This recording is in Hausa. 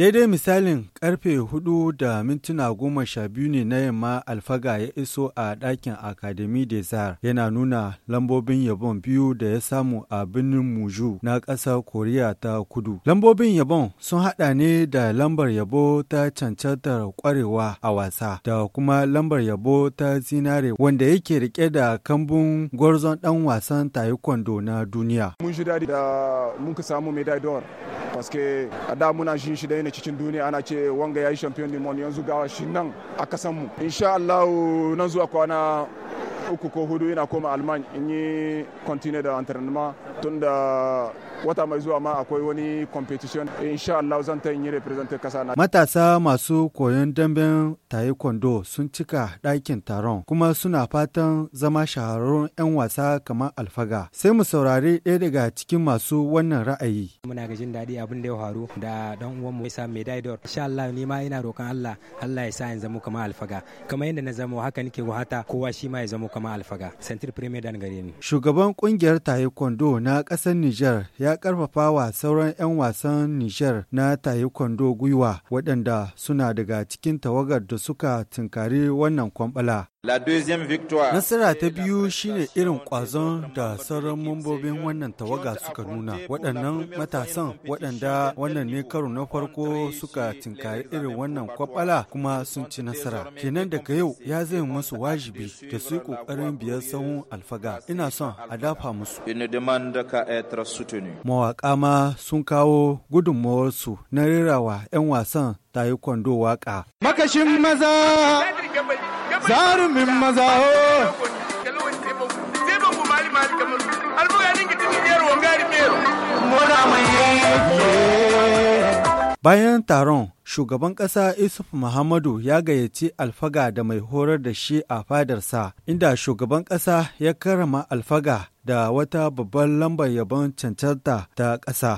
Daidai misalin karfe hudu da mintuna goma sha biyu ne na yamma alfaga ya iso a dakin Akademi de Zar yana nuna lambobin yabon biyu da ya samu a birnin Muju na ƙasar Koriya ta kudu. Lambobin yabon sun haɗa ne da lambar yabo ta cancantar kwarewa a wasa da kuma lambar yabo ta zinare wanda yake rike da kambun gwarzon dan wasan taekwondo na duniya. Mun paske a da muna jin shi da yana cikin duniya ana ce wanga yayi champion limon yanzu gawa shi nan a kasan mu insha Allah nan zuwa kwana uku ko hudu ina koma alman in yi continue da entraînement tun da wata mai zuwa ma akwai wani competition insha Allah zan ta yi represent kasa matasa masu koyon damben taekwondo sun cika ɗakin taron kuma suna fatan zama shahararrun 'yan wasa kamar alfaga. Sai mu saurari ɗaya daga cikin masu wannan ra'ayi. Muna ga jin daɗi abin da ya faru da ɗan uwan mu isa mai da Insha Allah ni ma ina roƙon Allah Allah ya sa in zama kamar alfaga. Kamar yadda na zama haka nake wata kowa shi ma ya zama kamar alfaga. Santir Premier dan gare ni. Shugaban ƙungiyar taekwondo na ƙasar Nijar ya karfafa wa sauran 'yan wasan Nijar na taekwondo gwiwa waɗanda suna daga cikin tawagar da suka tunkari wannan kwambala Nasara ta biyu shine irin ƙwazon da sauran mambobin wannan tawaga suka nuna. Waɗannan matasan waɗanda wannan ne karo na farko suka tinkari irin wannan kwabala kuma sun ci nasara. Kenan daga yau ya zai musu wajibi da su yi ƙoƙarin biyar sahun alfaga. Ina son a dafa musu. Mawaƙa ma sun kawo gudunmawarsu na rerawa 'yan wasan ta yi kwando waƙa. Makashin maza zarumin maza Bayan taron, shugaban ƙasa Isuf Muhammadu ya gayyaci alfaga da mai horar da shi a fadarsa, inda shugaban ƙasa ya karama alfaga da wata babban lambar yabon cancanta ta ƙasa